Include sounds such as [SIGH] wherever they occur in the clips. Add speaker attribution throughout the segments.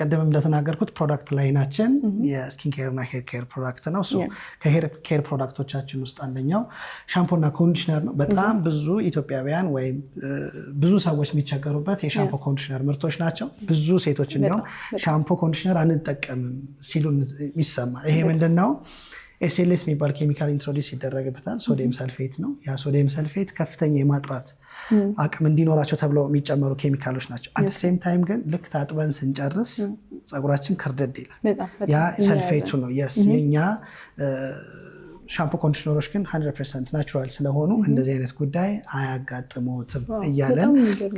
Speaker 1: ቅድም እንደተናገርኩት ፕሮዳክት ላይናችን የስኪን ኬር እና ሄር ኬር ፕሮዳክት ነው። ከሄር ኬር ፕሮዳክቶቻችን ውስጥ አንደኛው ሻምፖና ኮንዲሽነር ነው። በጣም ብዙ ኢትዮጵያውያን ወይም ብዙ ሰዎች የሚቸገሩበት የሻምፖ ኮንዲሽነር ምርቶች ናቸው። ብዙ ሴቶች እንዲሁም ሻምፖ ኮንዲሽነር አንጠቀምም ሲሉ ይሰማል። ይሄ ምንድን ነው? ኤስኤልኤስ የሚባል ኬሚካል ኢንትሮዲስ ይደረግበታል። ሶዲየም ሰልፌት ነው። ያ ሶዲየም ሰልፌት ከፍተኛ የማጥራት አቅም እንዲኖራቸው ተብለው የሚጨመሩ ኬሚካሎች ናቸው። አት ሴም ታይም ግን ልክ ታጥበን ስንጨርስ ፀጉራችን ክርደድ ይላል። ያ ሰልፌቱ ነው የእኛ ሻምፖ ኮንዲሽነሮች ግን 100 ናቹራል ስለሆኑ እንደዚህ አይነት ጉዳይ አያጋጥሞትም እያለን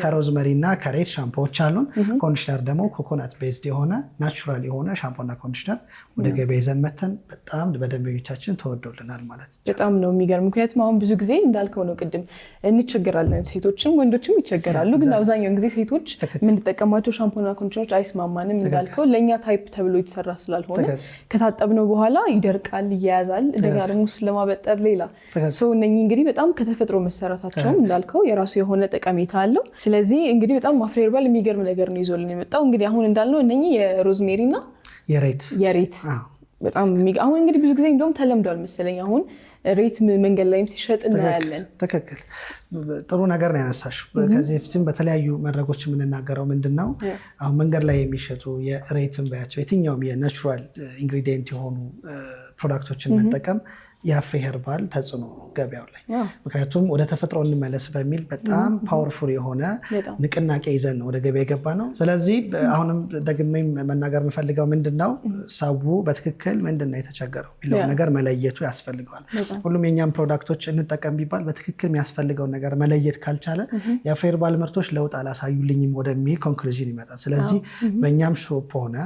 Speaker 1: ከሮዝመሪ እና ከሬት ሻምፖዎች አሉን። ኮንዲሽነር ደግሞ ኮኮናት ቤዝድ የሆነ ናቹራል የሆነ ሻምፖና ኮንዲሽነር ወደ ገበያ ይዘን መተን በጣም በደንበኞቻችን ተወዶልናል ማለት
Speaker 2: በጣም ነው የሚገርም። ምክንያቱም አሁን ብዙ ጊዜ እንዳልከው ነው ቅድም እንቸገራለን፣ ሴቶችም ወንዶችም ይቸገራሉ። ግን አብዛኛውን ጊዜ ሴቶች የምንጠቀማቸው ሻምፖና ኮንዲሽነሮች አይስማማንም። እንዳልከው ለእኛ ታይፕ ተብሎ የተሰራ ስላልሆነ ከታጠብነው በኋላ ይደርቃል፣ ይያያዛል እንደገና ጠርሙስ ለማበጠር ሌላ እነኚህ እንግዲህ በጣም ከተፈጥሮ መሰረታቸውም እንዳልከው የራሱ የሆነ ጠቀሜታ አለው። ስለዚህ እንግዲህ በጣም ማፍሬርባል የሚገርም ነገር ነው ይዞልን የመጣው። እንግዲህ አሁን እንዳልነው እነኚህ የሮዝሜሪ እና የሬት የሬት በጣም አሁን እንግዲህ ብዙ ጊዜ እንደውም ተለምዷል መሰለኝ አሁን ሬት መንገድ ላይም ሲሸጥ እናያለን።
Speaker 1: ትክክል፣ ጥሩ ነገር ነው ያነሳሽው። ከዚህ በፊትም በተለያዩ መድረኮች የምንናገረው ምንድን ነው አሁን መንገድ ላይ የሚሸጡ የሬትን ባያቸው የትኛውም የናቹራል ኢንግሪዲየንት የሆኑ ፕሮዳክቶችን መጠቀም የአፍሪ ሄርባል ተጽዕኖ ገበያው ላይ ምክንያቱም ወደ ተፈጥሮ እንመለስ በሚል በጣም ፓወርፉል የሆነ ንቅናቄ ይዘን ነው ወደ ገበያ የገባ ነው። ስለዚህ አሁንም ደግሜ መናገር የምፈልገው ምንድን ነው ሰው በትክክል ምንድን ነው የተቸገረው የሚለው ነገር መለየቱ ያስፈልገዋል። ሁሉም የኛም ፕሮዳክቶች እንጠቀም ቢባል በትክክል የሚያስፈልገውን ነገር መለየት ካልቻለ የአፍሪ ሄርባል ምርቶች ለውጥ አላሳዩልኝም ወደሚል ኮንክሉዥን ይመጣል። ስለዚህ በእኛም ሾፕ ሆነ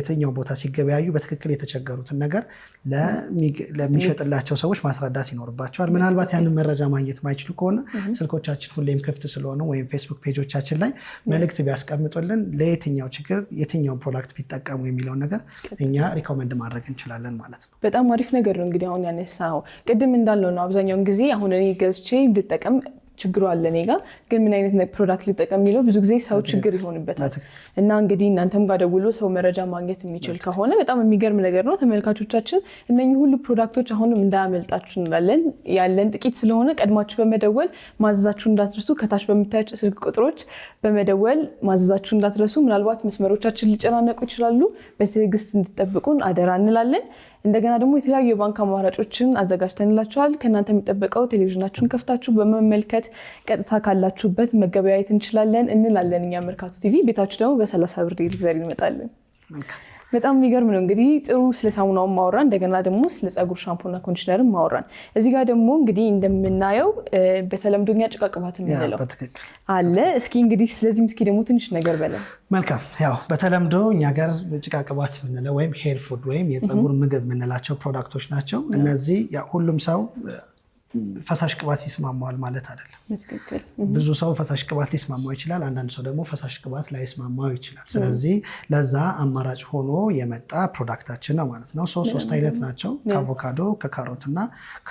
Speaker 1: የትኛው ቦታ ሲገበያዩ በትክክል የተቸገሩትን ነገር ለሚሸጥላቸው ሰዎች ማስረዳት ይኖርባቸዋል። ምናልባት ያንን መረጃ ማግኘት ማይችሉ ከሆነ ስልኮቻችን ሁሌም ክፍት ስለሆነ ወይም ፌስቡክ ፔጆቻችን ላይ መልእክት ቢያስቀምጡልን ለየትኛው ችግር የትኛውን ፕሮዳክት ቢጠቀሙ የሚለውን ነገር እኛ ሪኮመንድ ማድረግ እንችላለን ማለት ነው።
Speaker 2: በጣም አሪፍ ነገር ነው። እንግዲህ አሁን ያነሳው ቅድም እንዳለው ነው። አብዛኛውን ጊዜ አሁን እኔ ገዝቼ ብጠቀም ችግሩ አለ እኔ ጋ ግን ምን አይነት ፕሮዳክት ልጠቀም የሚለው ብዙ ጊዜ ሰው ችግር ይሆንበታል። እና እንግዲህ እናንተም ጋር ደውሎ ሰው መረጃ ማግኘት የሚችል ከሆነ በጣም የሚገርም ነገር ነው። ተመልካቾቻችን እነኚህ ሁሉ ፕሮዳክቶች አሁንም እንዳያመልጣችሁ እንላለን። ያለን ጥቂት ስለሆነ ቀድማችሁ በመደወል ማዘዛችሁ እንዳትረሱ። ከታች በምታያቸው ስልክ ቁጥሮች በመደወል ማዘዛችሁ እንዳትረሱ። ምናልባት መስመሮቻችን ሊጨናነቁ ይችላሉ። በትዕግስት እንድጠብቁን አደራ እንላለን። እንደገና ደግሞ የተለያዩ የባንክ አማራጮችን አዘጋጅተንላችኋል። ከእናንተ የሚጠበቀው ቴሌቪዥናችሁን ከፍታችሁ በመመልከት ቀጥታ ካላችሁበት መገበያየት እንችላለን እንላለን እኛ መርካቶ ቲቪ። ቤታችሁ ደግሞ በሰላሳ ብር ዴሊቨሪ እንመጣለን። በጣም የሚገርም ነው እንግዲህ ጥሩ ስለ ሳሙናውን ማወራን እንደገና ደግሞ ስለ ፀጉር ሻምፖና ኮንዲሽነርን ማወራን። እዚህ ጋር ደግሞ እንግዲህ እንደምናየው በተለምዶ ጭቃ ቅባት የምንለው አለ። እስኪ እንግዲህ ስለዚህም እስኪ ደግሞ ትንሽ ነገር በለን።
Speaker 1: መልካም ያው በተለምዶ እኛ ጋር ጭቃ ቅባት የምንለው ወይም ሄር ፉድ ወይም የፀጉር ምግብ የምንላቸው ፕሮዳክቶች ናቸው እነዚህ ሁሉም ሰው ፈሳሽ ቅባት ይስማማዋል ማለት አይደለም። ብዙ ሰው ፈሳሽ ቅባት ሊስማማው ይችላል። አንዳንድ ሰው ደግሞ ፈሳሽ ቅባት ላይስማማው ይችላል። ስለዚህ ለዛ አማራጭ ሆኖ የመጣ ፕሮዳክታችን ነው ማለት ነው። ሶስት አይነት ናቸው። ከአቮካዶ፣ ከካሮት እና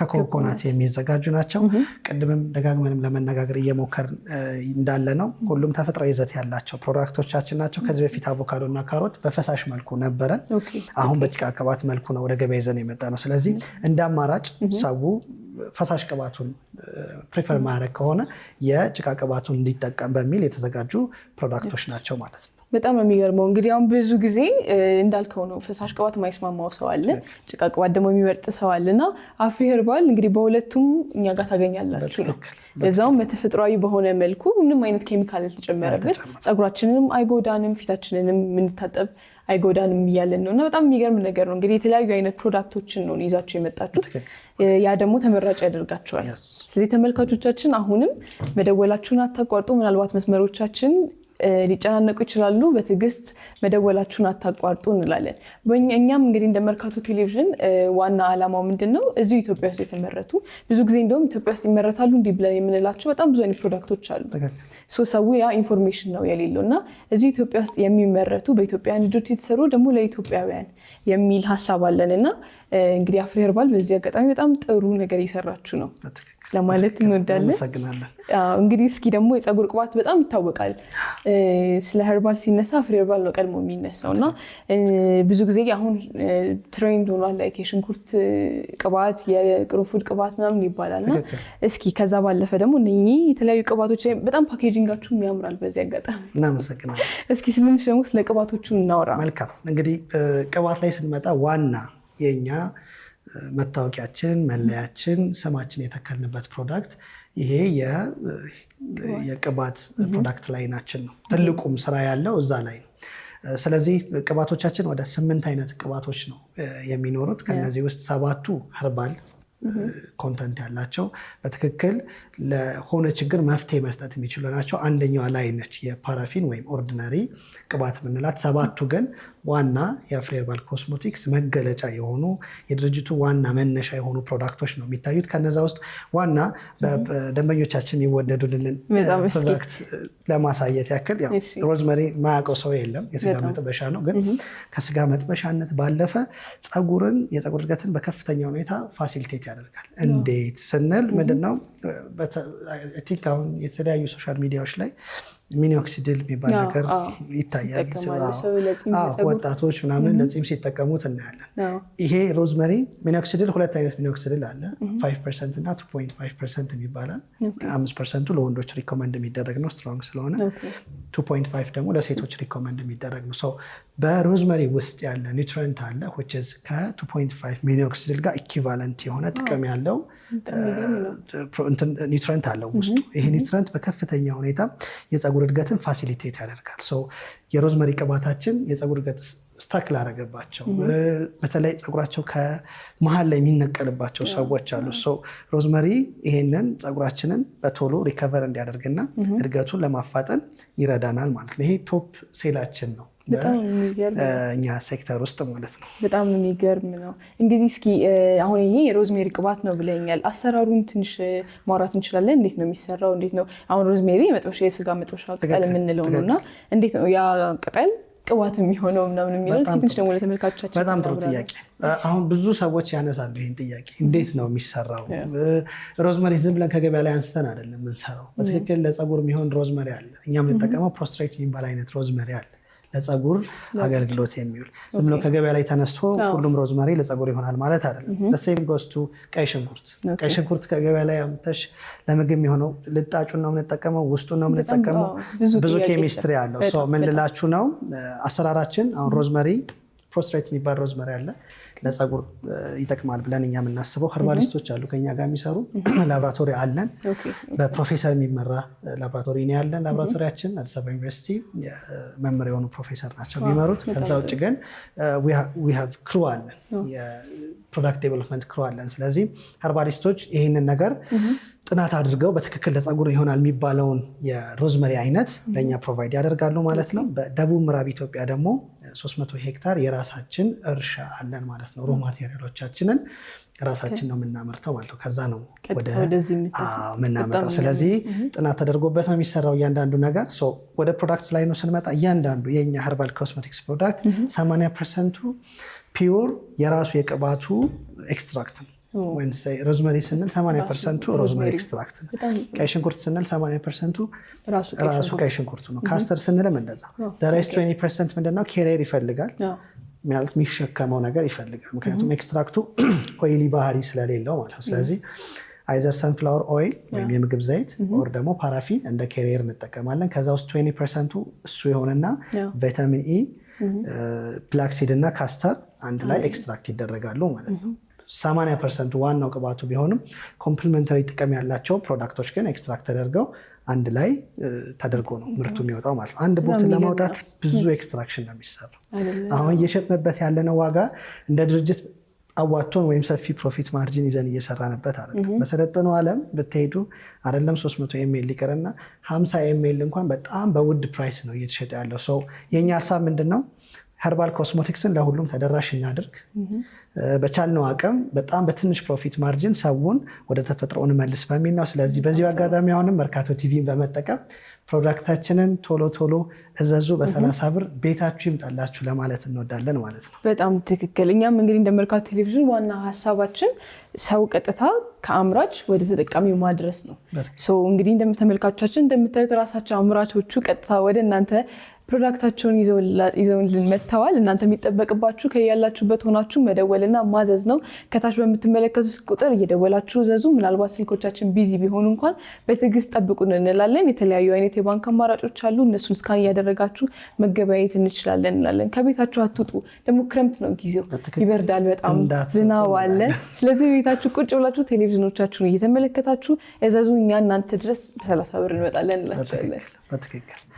Speaker 1: ከኮኮናት የሚዘጋጁ ናቸው። ቅድምም ደጋግመንም ለመነጋገር እየሞከር እንዳለ ነው። ሁሉም ተፈጥሯዊ ይዘት ያላቸው ፕሮዳክቶቻችን ናቸው። ከዚህ በፊት አቮካዶ እና ካሮት በፈሳሽ መልኩ ነበረን። አሁን በጭቃ ቅባት መልኩ ነው ወደ ገበያ ይዘን የመጣ ነው። ስለዚህ እንደ አማራጭ ሰው ፈሳሽ ቅባቱን ፕሪፈር ማድረግ ከሆነ የጭቃ ቅባቱን እንዲጠቀም በሚል የተዘጋጁ ፕሮዳክቶች ናቸው ማለት ነው።
Speaker 2: በጣም የሚገርመው እንግዲህ አሁን ብዙ ጊዜ እንዳልከው ነው ፈሳሽ ቅባት የማይስማማው ሰው አለ፣ ጭቃ ቅባት ደግሞ የሚመርጥ ሰው አለ እና አፍሪ ሄርባል እንግዲህ በሁለቱም እኛ ጋር ታገኛላችሁ ነው። ለዛውም በተፈጥሯዊ በሆነ መልኩ ምንም አይነት ኬሚካል ያልተጨመረበት፣ ፀጉራችንንም አይጎዳንም፣ ፊታችንንም የምንታጠብ አይጎዳንም እያለን ነው እና በጣም የሚገርም ነገር ነው። እንግዲህ የተለያዩ አይነት ፕሮዳክቶችን ነው ይዛቸው የመጣችሁት። ያ ደግሞ ተመራጭ ያደርጋቸዋል። ስለዚህ ተመልካቾቻችን አሁንም መደወላችሁን አታቋርጡ። ምናልባት መስመሮቻችን ሊጨናነቁ ይችላሉ። በትዕግስት መደወላችሁን አታቋርጡ እንላለን። እኛም እንግዲህ እንደ መርካቶ ቴሌቪዥን ዋና ዓላማው ምንድን ነው? እዚሁ ኢትዮጵያ ውስጥ የተመረቱ ብዙ ጊዜ እንደውም ኢትዮጵያ ውስጥ ይመረታሉ እንዲህ ብለን የምንላቸው በጣም ብዙ አይነት ፕሮዳክቶች አሉ። ሰው ያ ኢንፎርሜሽን ነው የሌለው እና እዚሁ ኢትዮጵያ ውስጥ የሚመረቱ በኢትዮጵያውያን ልጆች የተሰሩ ደግሞ ለኢትዮጵያውያን የሚል ሀሳብ አለን እና እንግዲህ አፍሪ ሄርባል በዚህ አጋጣሚ በጣም ጥሩ ነገር እየሰራችሁ ነው ለማለት እንወዳለን። እንግዲህ እስኪ ደግሞ የፀጉር ቅባት በጣም ይታወቃል። ስለ ሄርባል ሲነሳ አፍሬ ሄርባል ነው ቀድሞ የሚነሳው እና ብዙ ጊዜ አሁን ትሬንድ ሆኗል። ላይክ የሽንኩርት ቅባት፣ የቅርንፉድ ቅባት ምናምን ይባላል እና እስኪ ከዛ ባለፈ ደግሞ እነኚህ የተለያዩ ቅባቶች በጣም ፓኬጂንጋችሁ ያምራል። በዚህ አጋጣሚ እናመሰግናለን። እስኪ ስልንሽ ደግሞ ስለ ቅባቶቹ እናወራ።
Speaker 1: መልካም እንግዲህ ቅባት ላይ ስንመጣ ዋና የእኛ መታወቂያችን፣ መለያችን፣ ስማችን የተከልንበት ፕሮዳክት ይሄ የቅባት ፕሮዳክት ላይናችን ነው። ትልቁም ስራ ያለው እዛ ላይ ነው። ስለዚህ ቅባቶቻችን ወደ ስምንት አይነት ቅባቶች ነው የሚኖሩት። ከነዚህ ውስጥ ሰባቱ ህርባል ኮንተንት ያላቸው በትክክል ለሆነ ችግር መፍትሄ መስጠት የሚችሉ ናቸው። አንደኛዋ ላይ ነች የፓራፊን ወይም ኦርዲነሪ ቅባት የምንላት። ሰባቱ ግን ዋና የፍሬ ሄርባል ኮስሞቲክስ መገለጫ የሆኑ የድርጅቱ ዋና መነሻ የሆኑ ፕሮዳክቶች ነው የሚታዩት። ከነዛ ውስጥ ዋና ደንበኞቻችን የሚወደዱልን ፕሮዳክት ለማሳየት ያክል ሮዝመሪ ማያውቀው ሰው የለም። የስጋ መጥበሻ ነው። ግን ከስጋ መጥበሻነት ባለፈ ፀጉርን፣ የፀጉር እድገትን በከፍተኛ ሁኔታ ፋሲሊቴት ያደርጋል። እንዴት ስንል ምንድነው ቲንክ አሁን የተለያዩ ሶሻል ሚዲያዎች ላይ ሚኒኦክሲድል የሚባል ነገር ይታያል። ወጣቶች ምናምን ለፂም ሲጠቀሙት እናያለን። ይሄ ሮዝመሪ ሚኒኦክሲድል ሁለት አይነት ሚኒኦክሲድል አለ፣ ፋይቭ ፐርሰንት እና ቱ ፖይንት ፋይቭ ፐርሰንት ይባላል። አምስት ፐርሰንቱ ለወንዶች ሪኮመንድ የሚደረግ ነው፣ ስትሮንግ ስለሆነ ቱ ፖይንት ፋይቭ ደግሞ ለሴቶች ሪኮመንድ የሚደረግ ነው። በሮዝመሪ ውስጥ ያለ ኒውትረንት አለ ዝ ከ2.5 ሚሊዮክሲዲል ጋር ኢኪቫለንት የሆነ ጥቅም ያለው ኒውትረንት አለው ውስጡ። ይሄ ኒውትረንት በከፍተኛ ሁኔታ የፀጉር እድገትን ፋሲሊቴት ያደርጋል። የሮዝመሪ ቅባታችን የፀጉር እድገት ስታክ ላረገባቸው በተለይ ፀጉራቸው ከመሀል ላይ የሚነቀልባቸው ሰዎች አሉ። ሮዝመሪ ይሄንን ፀጉራችንን በቶሎ ሪከቨር እንዲያደርግና እድገቱን ለማፋጠን ይረዳናል ማለት ነው። ይሄ ቶፕ ሴላችን ነው። እኛ ሴክተር ውስጥ ማለት
Speaker 2: ነው። በጣም የሚገርም ነው። እንግዲህ እስኪ አሁን ይሄ ሮዝሜሪ ቅባት ነው ብለኛል። አሰራሩን ትንሽ ማውራት እንችላለን? እንዴት ነው የሚሰራው? እንዴት ነው አሁን ሮዝሜሪ መጥበሻ፣ የስጋ መጥበሻ ቅጠል የምንለው ነው እና እንዴት ነው ያ ቅጠል ቅባት የሚሆነው ምናምን የሚሆነው ትንሽ ደግሞ ለተመልካቾቻችን።
Speaker 1: በጣም ጥሩ ጥያቄ። አሁን ብዙ ሰዎች ያነሳሉ ይህን ጥያቄ፣ እንዴት ነው የሚሰራው? ሮዝመሪ ዝም ብለን ከገበያ ላይ አንስተን አይደለም የምንሰራው። በትክክል ለፀጉር የሚሆን ሮዝመሪ አለ። እኛ የምንጠቀመው ፕሮስትሬት የሚባል አይነት ሮዝመሪ አለ። ለፀጉር አገልግሎት የሚውል ዝም ብሎ ከገበያ ላይ ተነስቶ ሁሉም ሮዝመሪ ለፀጉር ይሆናል ማለት አይደለም። ሴም ጎስቱ ቀይ ሽንኩርት ቀይ ሽንኩርት ከገበያ ላይ አምተሽ ለምግብ የሚሆነው ልጣጩን ነው የምንጠቀመው፣ ውስጡን ነው የምንጠቀመው። ብዙ ኬሚስትሪ አለው። ምን ልላችሁ ነው አሰራራችን። አሁን ሮዝመሪ ፕሮስትሬት የሚባል ሮዝመሪ አለ ለጸጉር ይጠቅማል ብለን እኛ የምናስበው ሀርባሊስቶች አሉ ከኛ ጋር የሚሰሩ [CLEARS THROAT] ላብራቶሪ አለን። በፕሮፌሰር የሚመራ ላብራቶሪ ነው ያለን። ላብራቶሪያችን አዲስ አበባ ዩኒቨርሲቲ መምህር የሆኑ ፕሮፌሰር ናቸው የሚመሩት። ከዛ ውጭ ግን ዊ ክሩ አለን ፕሮዳክት ዴቨሎፕመንት ክሮ አለን። ስለዚህ ሀርባሊስቶች ይህንን ነገር ጥናት አድርገው በትክክል ለፀጉር ይሆናል የሚባለውን የሮዝመሪ አይነት ለእኛ ፕሮቫይድ ያደርጋሉ ማለት ነው። በደቡብ ምዕራብ ኢትዮጵያ ደግሞ 300 ሄክታር የራሳችን እርሻ አለን ማለት ነው። ሮ ማቴሪያሎቻችንን ራሳችን ነው የምናመርተው ማለት ነው። ከዛ ነው ወደ የምናመጣው። ስለዚህ ጥናት ተደርጎበት ነው የሚሰራው እያንዳንዱ ነገር። ወደ ፕሮዳክት ላይ ነው ስንመጣ እያንዳንዱ የኛ ሀርባል ኮስሜቲክስ ፕሮዳክት ሰማንያ ፐርሰንቱ ፒዮር የራሱ የቅባቱ ኤክስትራክት ነው። ሮዝመሪ ስንል ሰማንያ ፐርሰንቱ ሮዝመሪ ኤክስትራክት ነው። ቀይ ሽንኩርት ስንል ሰማንያ ፐርሰንቱ ራሱ ቀይ ሽንኩርቱ ነው። ካስተር ስንልም እንደዛ። ደረስ 20 ፐርሰንት ምንድነው ኬሬር ይፈልጋል ማለት የሚሸከመው ነገር ይፈልጋል። ምክንያቱም ኤክስትራክቱ [CLEARS THROAT] ኦይሊ ባህሪ ስለሌለው ማለት ነው። ስለዚህ አይዘር ሰንፍላወር ኦይል ወይም የምግብ ዘይት ኦር ደግሞ ፓራፊን እንደ ኬሪየር እንጠቀማለን። ከዛ ውስጥ ትዌንቲ ፐርሰንቱ እሱ የሆነና ቫይታሚን ኢ፣ ፕላክሲድ እና ካስተር አንድ ላይ ኤክስትራክት ይደረጋሉ ማለት ነው። 80 ፐርሰንቱ ዋናው ቅባቱ ቢሆንም ኮምፕሊመንተሪ ጥቅም ያላቸው ፕሮዳክቶች ግን ኤክስትራክት ተደርገው አንድ ላይ ተደርጎ ነው ምርቱ የሚወጣው ማለት ነው። አንድ ቦትን ለማውጣት ብዙ ኤክስትራክሽን ነው የሚሰራ። አሁን እየሸጥንበት ያለነው ዋጋ እንደ ድርጅት አዋቶን ወይም ሰፊ ፕሮፊት ማርጂን ይዘን እየሰራንበት አለ። በሰለጠነው ዓለም ብትሄዱ አይደለም 300 ኤምኤል ሊቀርና 50 ኤምኤል እንኳን በጣም በውድ ፕራይስ ነው እየተሸጠ ያለው። ሰው የእኛ ሀሳብ ምንድን ነው? ኸርባል ኮስሞቲክስን ለሁሉም ተደራሽ እናድርግ። በቻልነው አቅም በጣም በትንሽ ፕሮፊት ማርጅን ሰውን ወደ ተፈጥሮ እንመልስ በሚል ነው። ስለዚህ በዚህ አጋጣሚ አሁንም መርካቶ ቲቪን በመጠቀም ፕሮዳክታችንን ቶሎ ቶሎ እዘዙ፣ በሰላሳ ብር ቤታችሁ ይምጣላችሁ ለማለት እንወዳለን ማለት ነው።
Speaker 2: በጣም ትክክል። እኛም እንግዲህ እንደ መርካቶ ቴሌቪዥን ዋና ሀሳባችን ሰው ቀጥታ ከአምራች ወደ ተጠቃሚው ማድረስ ነው። እንግዲህ ተመልካቾቻችን እንደምታዩት ራሳቸው አምራቾቹ ቀጥታ ወደ እናንተ ፕሮዳክታቸውን ይዘውልን መጥተዋል። እናንተ የሚጠበቅባችሁ ከያላችሁበት ሆናችሁ መደወልና ማዘዝ ነው። ከታች በምትመለከቱት ቁጥር እየደወላችሁ ዘዙ። ምናልባት ስልኮቻችን ቢዚ ቢሆኑ እንኳን በትዕግስት ጠብቁን እንላለን። የተለያዩ አይነት የባንክ አማራጮች አሉ። እነሱን እስካን እያደረጋችሁ መገበያየት እንችላለን እንላለን። ከቤታችሁ አትውጡ። ደግሞ ክረምት ነው ጊዜው፣ ይበርዳል፣ በጣም ዝናብ አለ። ስለዚህ ቤታችሁ ቁጭ ብላችሁ ቴሌቪዥኖቻችሁን እየተመለከታችሁ እዘዙ። እኛ እናንተ ድረስ በሰላሳ ብር እንመጣለን እንላቸዋለን።